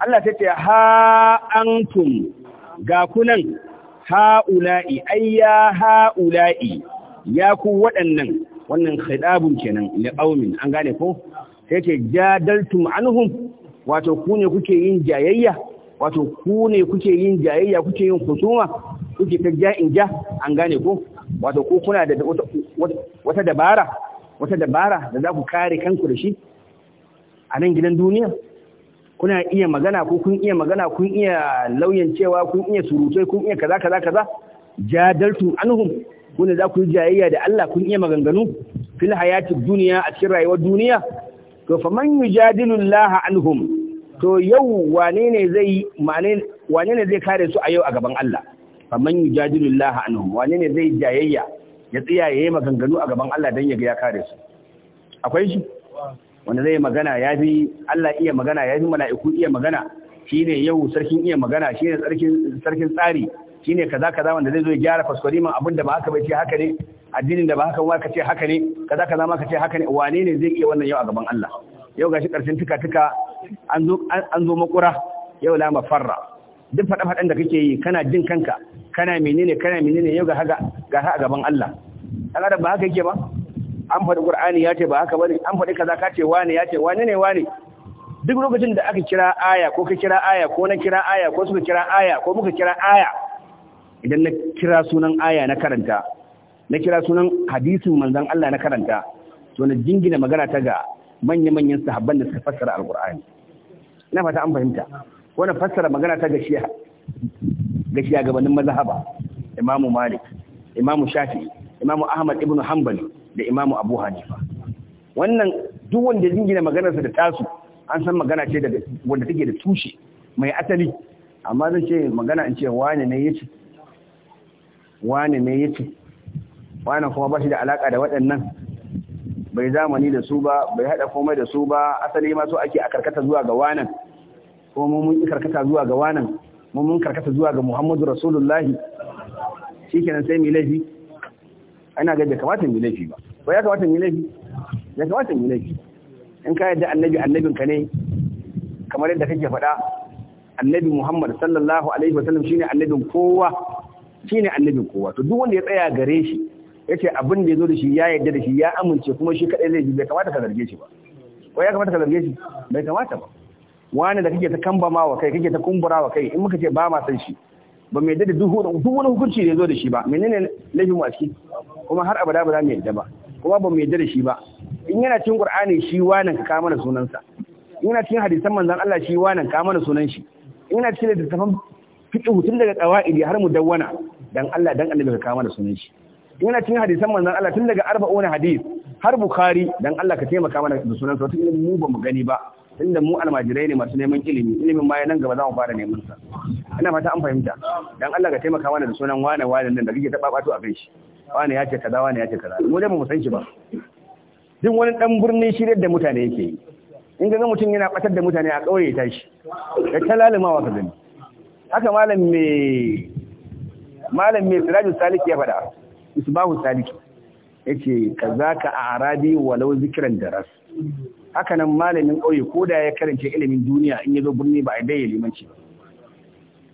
Allah ta ce ha antum ga kunan ha'ula'i ayya ha'ula'i ya ku waɗannan wannan khidabun kenan li qaumin an gane ko sai ce jadaltum anhum wato ku ne kuke yin jayayya wato ku ne kuke yin jayayya kuke yin husuma kuke ta ja in ja an gane ko wato ku kuna da wata dabara wata dabara da za ku kare kanku da shi a nan gidan duniya kuna iya magana ko kun iya magana kun iya lauyan cewa, kun iya surutai kun iya kaza kaza kaza jadaltu anhum kuna za ku yi jayayya da Allah kun iya maganganu fil hayati duniya a cikin rayuwar duniya to fa man yujadilu Allah anhum to yau wane ne zai wane ne zai kare su a yau a gaban Allah fa man yujadilu Allah anhum wane ne zai jayayya ya tsiyaye maganganu a gaban Allah dan ya ga ya kare su akwai shi wanda zai magana ya fi Allah iya magana ya fi mala'iku iya magana shine yau sarkin iya magana shine sarkin sarkin tsari shine kaza kaza wanda zai zo gyara kwaskwari man abin da ba haka bai ce haka ne addinin da ba haka ma ka ce haka ne kaza kaza ma ka ce haka ne wane ne zai iya wannan yau a gaban Allah yau gashi karshen tuka tuka an zo an zo makura yau la mafarra duk faɗa faɗan da kake yi kana jin kanka kana menene kana menene yau ga haka ga haka gaban Allah dan adam ba haka yake ba an faɗi ƙur'ani ya ce ba haka bane an faɗi kaza ka ce wane ya ce wane ne wane duk lokacin da aka kira aya ko ka kira aya ko na kira aya ko suka kira aya ko muka kira aya idan na kira sunan aya na karanta na kira sunan hadisin manzon Allah na karanta to na jingina magana ta ga manya-manyan sahabban da suka fassara alqur'ani ina fata an fahimta wannan fassara magana ta ga shi'a ga shi'a gabanin mazhaba imamu malik imamu shafi'i imamu ahmad ibnu hanbali da imamu abu hanifa wannan duk wanda jingina maganarsa da tasu an san magana ce daga wanda take da tushe mai asali amma zan ce magana in ce wane ne yace wane ne yace wani kuma ba shi da alaka da waɗannan bai zamani da su ba bai hada komai da su ba asali ma so ake a karkata zuwa ga wanan ko mun mun karkata zuwa ga wanan mun mun karkata zuwa ga Muhammadu Rasulullahi shikenan sai mu laifi ana ga bai kamata yi laifi ba ba ya kamata yi laifi ya kamata yi laifi in ka yadda annabi annabin ka ne kamar yadda kake faɗa annabi Muhammad sallallahu alaihi wasallam shine annabin kowa shine annabin kowa to duk wanda ya tsaya gare shi yace abin da yazo da shi ya yadda da shi ya amince kuma shi kadai zai bai kamata ka zarge shi ba ko ya kamata ka zarge shi bai kamata ba wani da kake ta kambama wa kai kake ta kumbura wa kai in muka ce ba ma san shi ba mai da duk wani hukunci ne ya zo da shi ba menene laifin mu a ciki kuma har abada ba za mu yadda ba kuma ba mu yadda da shi ba in yana cikin qur'ani shi wannan ka kama da sunansa in yana cikin hadisan manzon Allah shi wannan ka kama da sunan shi in yana cikin littafin fiqh tun daga qawaidi har mu dawwana dan Allah dan annabi ka kama da sunan shi in yana cikin hadisan manzon Allah tun daga arba'una hadis har bukhari dan Allah ka taimaka mana da sunansa wata mu ba mu gani ba da mu almajirai ne masu neman ilimi ilimin ma nan gaba za mu fara neman sa ina fata an fahimta dan Allah ka taimaka mana da sunan wane wane nan da kike ta babato a kai shi wane ya ce kaza wane ya ce kaza mu dai mu san shi ba duk wani dan birni shiryar da mutane yake yi in ga mutum yana batar da mutane a kauye ta shi da talalimawa ka gani haka malam mai malam me sirajul saliki ya faɗa isbahu saliki yace kazaka ka arabi walau zikran daras haka nan malamin ƙauye ko da ya karance ilimin duniya in ya zo birni ba a daya limanci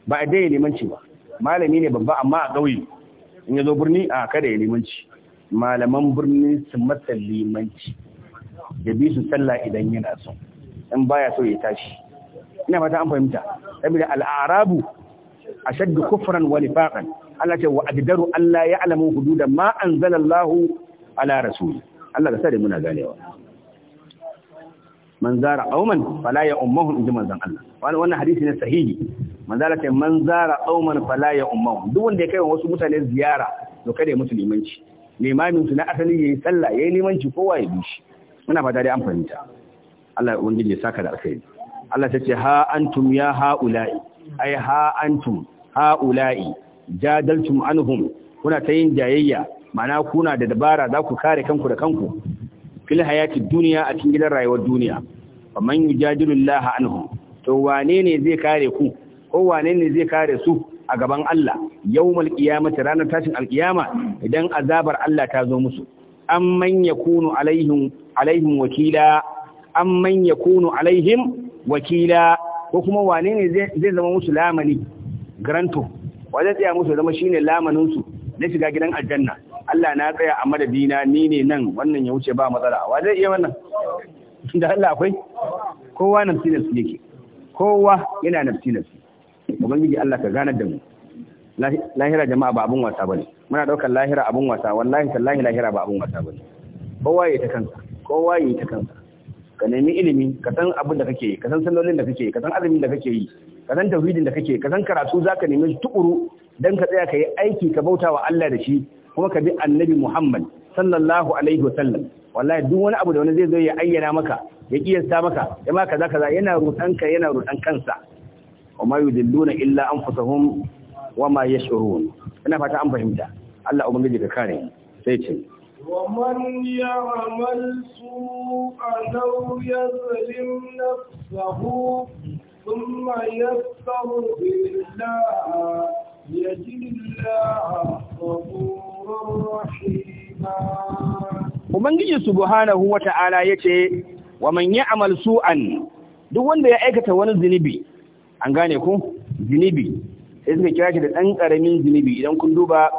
ba a daya limanci ba malami ne babba amma a ƙauye in ya zo birni a kada ya limanci malaman birni su masa limanci da bi su sallah idan yana so in baya so ya tashi ina fata an fahimta saboda al'arabu ashaddu kufran wa nifaqan Allah ce wa adaru Allah ya alamu hududan ma anzalallahu ala rasuli Allah ka sa da muna ganewa man zara qauman fala ya inji manzon Allah wannan hadisi ne sahihi manzala ta man zara qauman fala ya duk wanda ya kai wasu mutane ziyara to kada ya mutu limanci limamin su na asali yayi sallah yayi limanci kowa ya bi shi muna fata dai an fahimta Allah ubangiji ya saka da alkhairi Allah ta ce ha antum ya haula'i ai ha antum haula'i jadaltum anhum kuna ta yin jayayya ma'ana kuna da dabara za ku kare kanku da kanku fil hayati duniya a cikin gidan rayuwar duniya faman yujadilu Allah anhum to wane ne zai kare ku ko wane ne zai kare su a gaban Allah yawmal qiyamati ranar tashin alqiyama idan azabar Allah ta zo musu amman yakunu alaihim alaihim wakila amman yakunu alaihim wakila ko kuma wane ne zai zama musu lamani garanto wanda tsaya musu zama shine lamanin su na shiga gidan aljanna Allah na tsaya a madadina ni ne nan wannan ya wuce ba matsala wa zai iya wannan da Allah akwai kowa nafsi nafsi yake kowa yana nafsi nafsi ubangiji Allah ka gane da mu lahira jama'a ba abun wasa bane muna daukar lahira abun wasa wallahi tallahi lahira ba abun wasa bane kowa yayi ta kansa kowa yayi ta kansa ka nemi ilimi ka san abin da kake yi ka san sallolin da kake yi ka san azumin da kake yi ka san tauhidin da kake yi ka san karatu zaka nemi tukuru dan ka tsaya ka yi aiki ka bauta wa Allah da shi kuma ka bi annabi Muhammad sallallahu alaihi wasallam wallahi duk wani abu da wani zai zo ya ayyana maka ya kiyasta maka ya ma kaza kaza yana rudan ka yana rudan kansa wa ma yudilluna illa anfusahum wa ma yashurun ina fata an fahimta Allah ubangiji ka kare sai ce ومن يعمل سوءا أو يظلم نفسه ثم يستغفر الله يجد الله غفورا رحيما ubangiji subhanahu wata'ala yace wa man ya'mal su'an duk wanda ya aikata wani zinubi an gane ku zinubi sai suka kira shi da dan karamin zinubi idan kun duba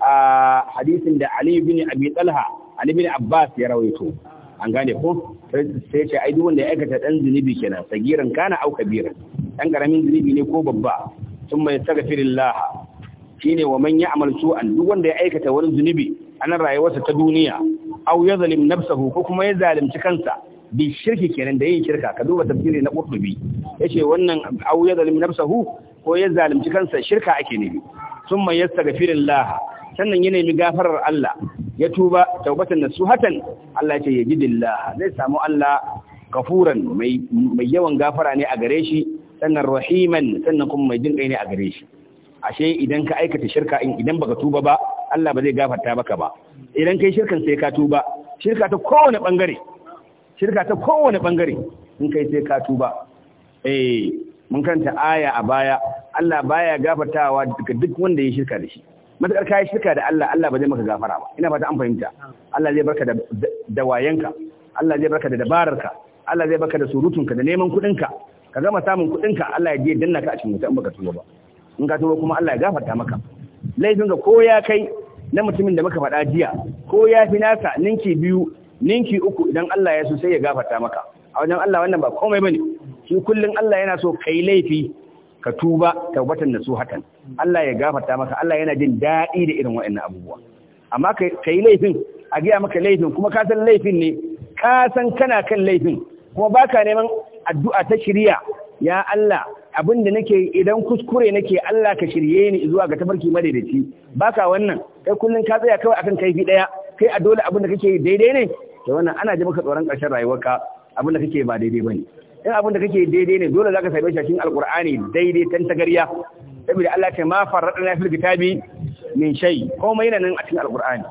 a hadisin da Ali ibn Abi Talha Ali ibn Abbas ya rawaito an gane ku sai ce ai duk wanda ya aikata dan zinubi kenan sagiran kana au kabiran dan karamin zinubi ne ko babba thumma yastaghfirullah shine wa man ya'mal su'an duk wanda ya aikata wani zunubi a nan rayuwarsa ta duniya aw ya zalim nafsahu ko kuma ya zalunci kansa bi shirki kenan da yin shirka ka duba tafsiri na qurtubi yace wannan aw ya zalim nafsahu ko ya zalunci kansa shirka ake nufi summa yastaghfirullah sannan ya nemi gafarar Allah ya tuba taubatan nasuhatan Allah ya ce yajidillah zai samu Allah kafuran mai yawan gafara ne a gare shi sannan rahiman sannan kuma mai jin kai ne a gare shi ashe idan ka aikata shirka in idan baka tuba ba Allah ba zai gafarta maka ba idan kai shirkan sai ka tuba shirka ta kowane bangare shirka ta kowane bangare in kai sai ka tuba eh mun kanta aya a baya Allah baya gafartawa daga duk wanda ya shirka da shi matakar kai shirka da Allah Allah ba zai maka gafara ba ina fata an fahimta Allah zai barka da dawayenka Allah zai barka da dabararka Allah zai barka da surutunka da neman kuɗinka ka gama samun kuɗinka Allah ya je danna ka a cikin wuta in baka tuba ba in ka tuba kuma Allah ya gafarta maka laifin ga ko ya kai na mutumin da muka faɗa jiya ko ya fi naka ninki biyu ninki uku idan Allah ya so sai ya gafarta maka a wajen Allah wannan ba komai bane shi kullun Allah yana so kai laifi ka tuba taubatan hakan. Allah ya gafarta maka Allah yana jin daɗi da irin waɗannan abubuwa amma kai laifin a gaya maka laifin kuma ka san laifin ne ka san kana kan laifin kuma baka neman addu'a ta shiriya ya Allah abin da nake idan kuskure nake Allah ka shirye ni zuwa ga tafarki madaidaici baka wannan kai kullun ka tsaya kawai akan kaifi daya kai a dole abin da kake daidai ne to wannan ana ji maka tsoron ƙarshen rayuwarka abin da kake ba daidai bane in abin da kake daidai ne dole zaka saibe shi cikin alqur'ani daidai tan tagariya saboda Allah ta ma na fil kitabi min shay komai yana nan a cikin alqur'ani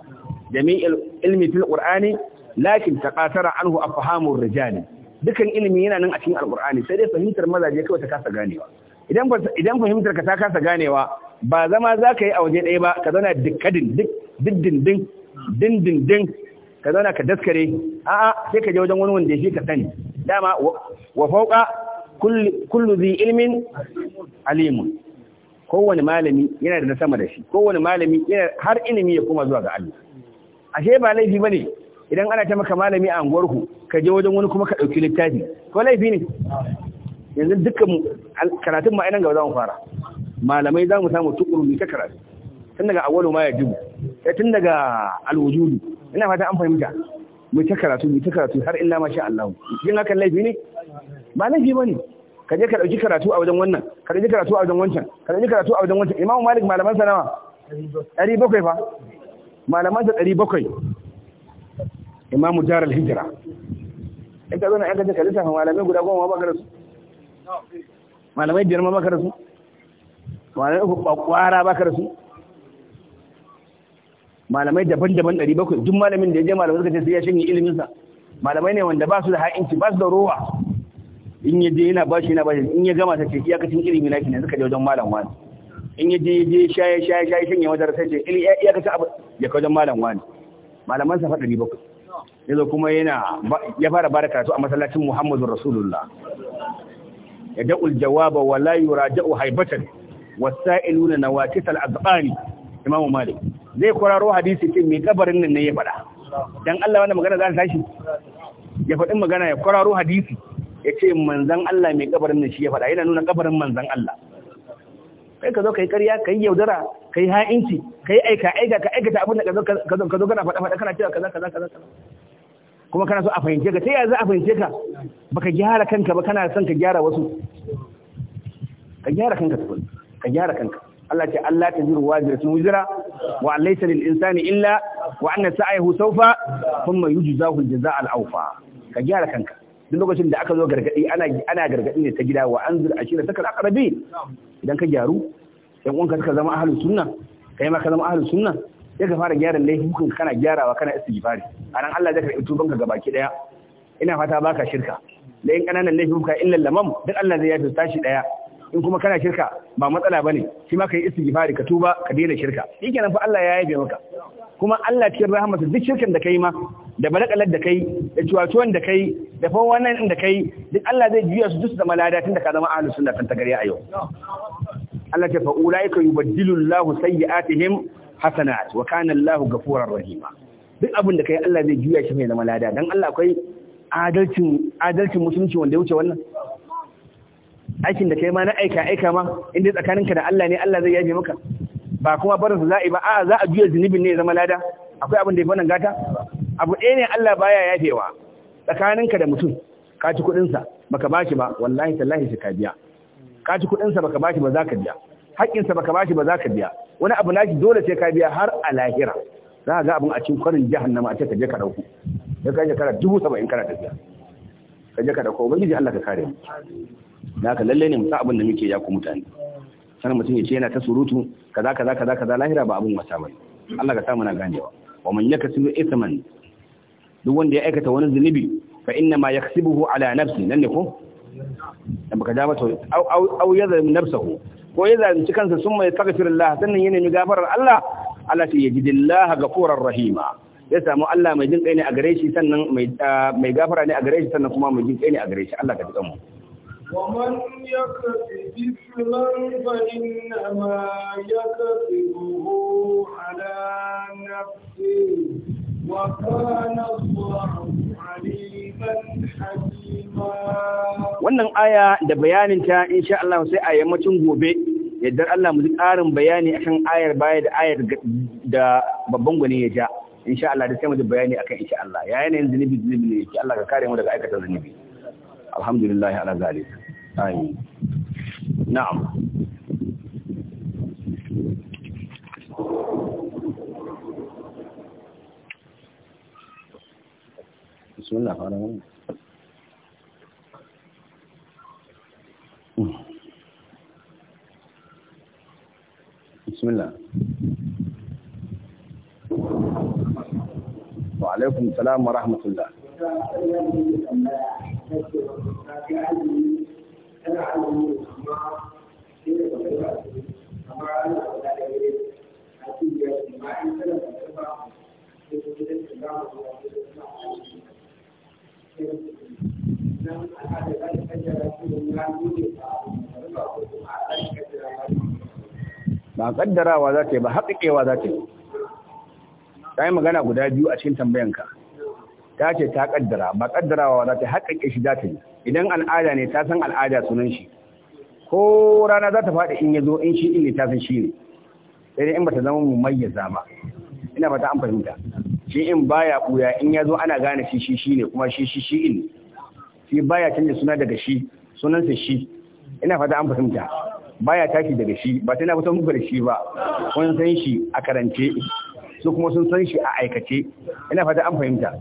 jami'il ilmi fil qur'ani lakin taqatara anhu afhamur rijali dukan ilimi yana nan a cikin alkur'ani sai dai fahimtar mazaje kawai ta kasa ganewa idan fahimtar ka ta kasa ganewa ba zama za ka yi a waje ɗaya ba ka zauna dikkadin duk dindindin dindindin ka zauna ka daskare a'a sai ka je wajen wani wanda ya shi ka sani dama wa fauka kullu zi ilmin alimun kowane malami yana da sama da shi kowane malami yana har ilimi ya kuma zuwa ga Allah ashe ba laifi ne. idan ana ta maka malami a anguwarku ka je wajen wani kuma ka ɗauki littafi ko laifi ne yanzu dukkan karatun ma ainihin gaba za mu fara malamai za mu samu tukuru ta karatu tun daga awalu ma ya jibu eh, tun daga alwujudu ina fata an fahimta mu ta karatu mu ta karatu har illa ma sha Allah yin hakan laifi ne ba laifi bane ka je ka ɗauki karatu a wajen wannan ka ɗauki karatu a wajen wancan ka ɗauki karatu a wajen wancan imamu Malik malaman sa nawa bakwai fa malaman sa bakwai imamu jar alhijira hijra in ka zauna aka ka lissafa malamai guda goma ba ka malamai biyar ma ba karasu malamai uku kwakwara ba karasu malamai daban-daban ɗari bakwai duk malamin da ya je malamai suka ce sai ya shanye iliminsa malamai ne wanda ba su da ha'inci ba su da rowa in ya je yana bashi yana bashi in ya gama ta ce iyakacin ilimi na ne suka je wajen malam wani in ya je je shaye shaye shaye shanye wajen sai ce iyakacin abu ya kawo wajen malam wani malaman sa faɗa bakwai yazo kuma yana ya fara bada karatu a masallacin Muhammadu Rasulullah ya da'ul jawaba wa la yuraja'u haibatan wasailuna nawakital azqani Imam Malik zai kwararo hadisi ce mai kabarin nan ne ya faɗa dan Allah wannan magana za ta tashi ya faɗi magana ya kwararo hadisi ya ce manzan Allah mai kabarin nan shi ya faɗa yana nuna kabarin manzan Allah kai ka zo kai ƙarya yi yaudara ka yi ha'inci kai aika aika ka aikata abin da ka zo ka zo kana faɗa faɗa kana cewa kaza kaza kaza kuma kana so a fahimce ka sai ya za a fahimce ka baka gyara kanka ba kana son ka gyara wasu ka gyara kanka tukun ka gyara kanka Allah ce Allah ta jiru wajira sun wujira wa laysa lil insani illa wa anna sa'ahu sawfa thumma yujzahu al-jazaa al-awfa ka gyara kanka duk lokacin da aka zo gargadi ana ana gargadi ne ta gida wa anzir ashira takal aqrabi idan ka gyaru yan uwanka suka zama ahlus sunna kai ma ka zama ahlus sunna sai ka fara gyara laifukan kana gyarawa kana istighfari anan Allah zai karɓi tubanka baki daya ina fata baka shirka da in kananan laifuka illa lamam duk Allah zai yafi tashi daya in kuma kana shirka ba matsala ba ne. shi ma kai istighfari ka tuba ka daina shirka shikenan fa Allah ya yafe maka kuma Allah cikin rahmarsa duk shirkan da kai ma da balakalar da kai da cuwacuwan da kai da fa wannan da kai duk Allah zai juya su dusu da malada tun da ka zama ahlus sunna kan tagari a yau Allah ta fa ulaika yubaddilu Allahu sayyi'atihim hasanat wa kana Allahu ghafurar rahima duk abin da kai Allah zai juya shi mai zama lada dan Allah akwai adalcin adalcin musulunci wanda ya wuce wannan aikin da kai ma na aika aika ma inda tsakaninka da Allah ne Allah zai yafe maka ba kuma barin su za'i ba a za a juya zunubin ne ya zama lada akwai abin da ya fi wannan gata abu ɗaya ne Allah baya yafewa tsakaninka da mutum ka ci kuɗinsa baka ba shi ba wallahi tallahi shi ka biya ka ci kuɗinsa baka ba shi ba za ka biya haƙƙinsa baka ba shi ba za ka biya wani abu naki dole sai ka biya har a lahira za ka ga abin a cikin kwarin jahannama a ce ka je ka ɗauko ya kai shekara dubu saba'in kana tafiya ka je ka ɗauko ubangiji Allah ka kare mu da ka lalle ne mu sa abin da muke ya ku mutane sanin mutum ya ce yana ta surutu kaza kaza kaza kaza lahira ba abin wasa bane Allah ka sa muna ganewa wa man yakasibu ithman duk wanda ya aikata wani zunubi fa inna ma yaksibuhu ala nafsi nan ne ko da baka da mata au au ya nafsahu ko ya zalunci kansa sun mai tagfirullah sannan ya nemi gafarar Allah Allah sai yajidillah ghafurar rahima ya samu Allah mai jin kai ne a gare shi sannan mai ah, mai gafara ne a gare shi sannan kuma mai jin kai ne a gare shi Allah ka tuka mu ومن يكسب إثما فإنما يكسبه على نفسه Wannan aya da bayaninta insha Allah sai a yammacin gobe yadda Allah mu ji ƙarin bayani akan ayar baya da ayar da babban gwani ya ja. Insha Allah da sai mu ji bayani akan insha Allah. Ya yanayin zunubi zunubi ne yake Allah ka kare mu daga aikata zunubi. Alhamdulillah ala zalik. Amin. Na'am. بسم الله الرحمن الرحيم بسم الله وعليكم السلام ورحمة الله Thank you. ba kaddarawa za ta yi ba haƙiƙewa za ta yi ta yi magana guda biyu a cikin tambayanka ta ce ta kaddara ba kaddarawa za ta haƙiƙe shi za ta yi idan al'ada ne ta san al'ada sunan shi ko rana za ta faɗi in ya zo in shi in ne ta san shi ne sai in ba ta zama mumayyaza ba ina ba ta an fahimta shi in baya buya in ya zo ana gane shi shi shine kuma shi shi shi in shi baya canza suna daga shi sunansa shi ina fata an fahimta baya tashi daga shi ba sai na fito muku da shi ba kun san shi a karance su kuma sun san shi a aikace ina fata an fahimta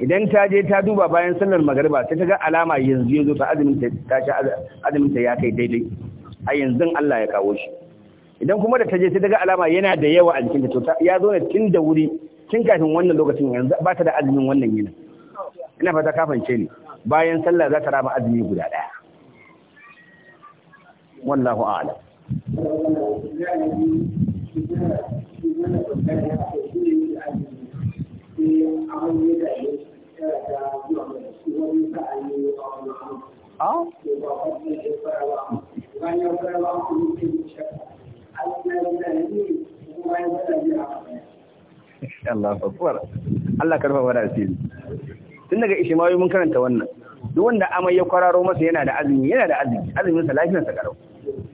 idan ta je ta duba bayan sallar magariba sai ta ga alama yanzu yanzu ta azumin ta azumin ta ya kai daidai a yanzu Allah ya kawo shi idan kuma da ta je sai ta ga alama yana da yawa a jikinta to ya zo ne tun da wuri tun kafin wannan lokacin yanzu ba ta da azumin wannan yinin ina fata kafance ne bayan sallah za ta rama azumi guda daya wallahu a'lam Ah? ah? Allah akbar Allah karfa wa asiri tun daga ishimawi mun karanta wannan duk wanda amai ya kwararo masa yana da azumi yana da azumi azumin sa lafiyar sa garau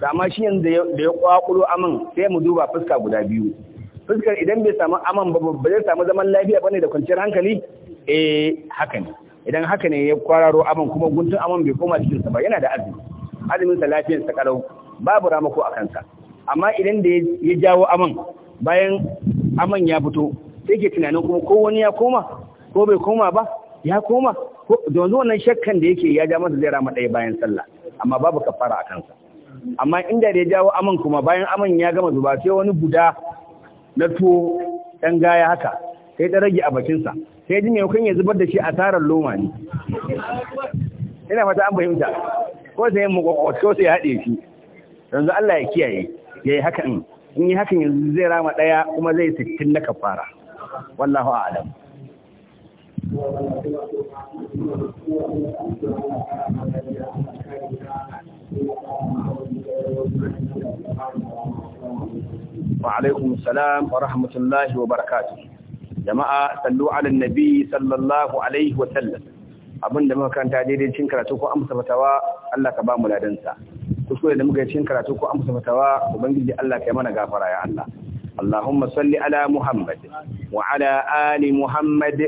amma shi yanzu da ya kwakulo aman sai mu duba fuska guda biyu fuskar idan bai samu aman ba ba zai samu zaman lafiya bane da kwanciyar hankali eh haka ne idan haka ne ya kwararo aman kuma guntun aman bai koma cikin sa ba yana da azumi azumin sa lafiyar sa garau babu ramako a kansa amma idan da ya jawo aman bayan aman ya fito sai ke tunanin kuma ko wani ya koma ko bai koma ba ya koma wanzu wannan shakkan da yake ya ja masa zai rama ɗaya bayan sallah amma babu kafara a kansa amma inda da ya jawo aman kuma bayan aman ya gama zuba sai wani guda na tuwo ɗan gaya haka sai ɗan rage a bakinsa sai ji kan ya zubar da shi a tarar loma ne ina fata an fahimta ko sai yin makwakwat sai ya haɗe shi yanzu Allah ya kiyaye ya yi hakan in yi hakan yanzu zai rama ɗaya kuma zai sittin na kafara wallahu a'lam wa alaikum salam wa rahmatullahi wa barakatuh jama'a sallu ala nabi sallallahu alaihi wa sallam abinda muka kanta daidai cin karatu ko amsa fatawa Allah ka ba mu ladansa kuskure da muka yi cin karatu ko amsa fatawa ubangiji Allah ka yi mana gafara ya Allah اللهم صل على محمد وعلى آل محمد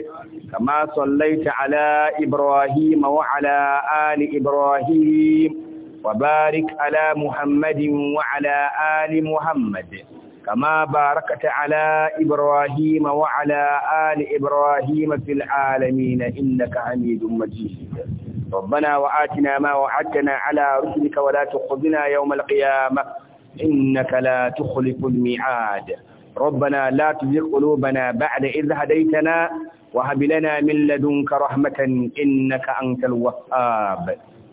كما صليت على إبراهيم وعلى آل إبراهيم وبارك على محمد وعلى آل محمد كما باركت على إبراهيم وعلى آل إبراهيم في العالمين إنك حميد مجيد ربنا وآتنا ما وعدتنا على رسلك ولا تخذنا يوم القيامة إنك لا تخلف الميعاد ربنا لا تزغ قلوبنا بعد إذ هديتنا وهب لنا من لدنك رحمة إنك أنت الوهاب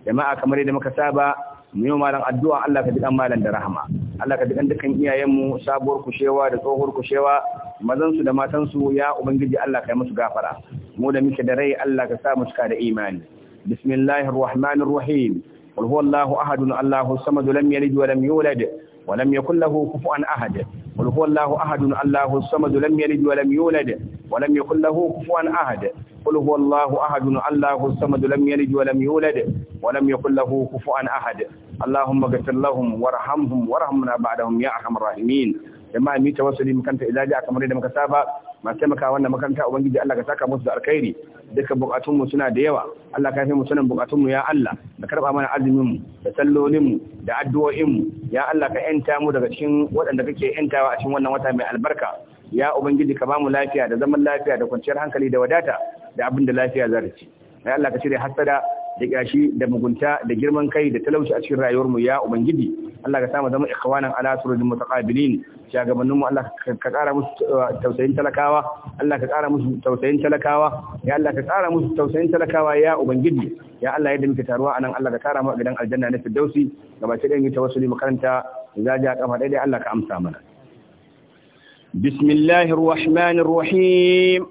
جماعة كما da muka saba mu malam addu'a Allah ka dukan malam da rahma. Allah ka dukan dukkan iyayenmu sabuwar kushewa da tsohuwar kushewa mazan su da matan su ya ubangiji Allah ka yi musu gafara mu da muke da rai Allah ka sa mu cika da imani bismillahir rahmanir rahim qul huwallahu ahadun allahu sama lam yalid wa lam yulad ولم يكن له كفوا أحد قل هو الله أحد الله الصمد لم يلد ولم يولد ولم يكن له كفوا أحد قل هو الله أحد الله الصمد لم يلد ولم يولد ولم يكن له كفوا أحد اللهم اغفر لهم وارحمهم وارحمنا بعدهم يا أرحم الراحمين jama'a mu tawassuli makanta kanta a kamar yadda muka saba masu taimaka wannan makaranta ubangiji Allah ka saka musu da alkhairi duka bukatun suna da yawa Allah ka mu sanin bukatun mu ya Allah da karba mana azumin mu da sallolin mu da addu'o'in mu ya Allah ka yanta mu daga cikin waɗanda kake yantawa a cikin wannan wata mai albarka ya ubangiji ka bamu lafiya da zaman lafiya da kwanciyar hankali da wadata da abin da lafiya zarafi ya Allah ka cire hasada da gashi da mugunta da girman kai da talauci a cikin rayuwar mu ya ubangiji Allah ka samu zama ikhwanan ala surujin mutaqabilin shagabanninmu Allah ka kara musu uh, tausayin talakawa Allah ka kara musu tausayin talakawa ya Allah ka kara musu tausayin talakawa ya ubangiji ya Allah yadda muke taruwa anan Allah ka kara mu gidan aljanna na firdausi gabace da mu tawassuli mu karanta zaja kafa dai dai Allah ka amsa mana bismillahir rahmanir rahim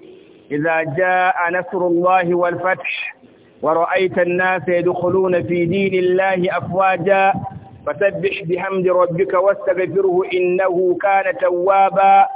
idza jaa nasrullahi wal fath ورأيت الناس يدخلون في دين الله أفواجا فسبح بحمد ربك واستغفره إنه كان توابا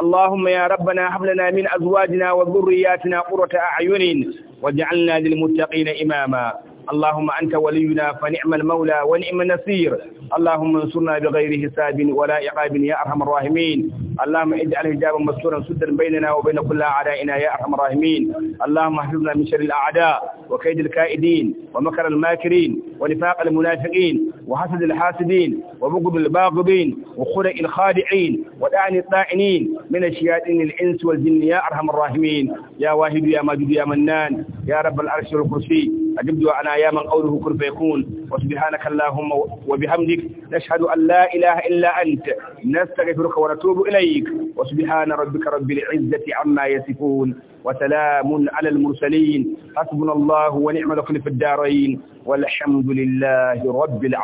اللهم يا ربنا هب لنا من أزواجنا وذرياتنا قرة أعين واجعلنا للمتقين إماما اللهم أنت ولينا فنعم المولى ونعم النصير اللهم انصرنا بغير حساب ولا عقاب يا أرحم الراحمين اللهم اجعل حجابا مستورا سدا بيننا وبين كل أعدائنا يا أرحم الراحمين اللهم احفظنا من شر الأعداء وكيد الكائدين ومكر الماكرين ونفاق المنافقين وحسد الحاسدين وبغض الباغضين وخلع الخادعين ودعن الطائنين من الشياطين الإنس والجن يا أرحم الراحمين يا واهد يا ماجد يا منان يا رب العرش والكرسي أجب دعانا علينا قوله كن فيكون وسبحانك اللهم وبحمدك نشهد أن لا إله إلا أنت نستغفرك ونتوب إليك وسبحان ربك رب العزة عما يصفون وسلام على المرسلين حسبنا الله ونعم الوكيل في الدارين والحمد لله رب العالمين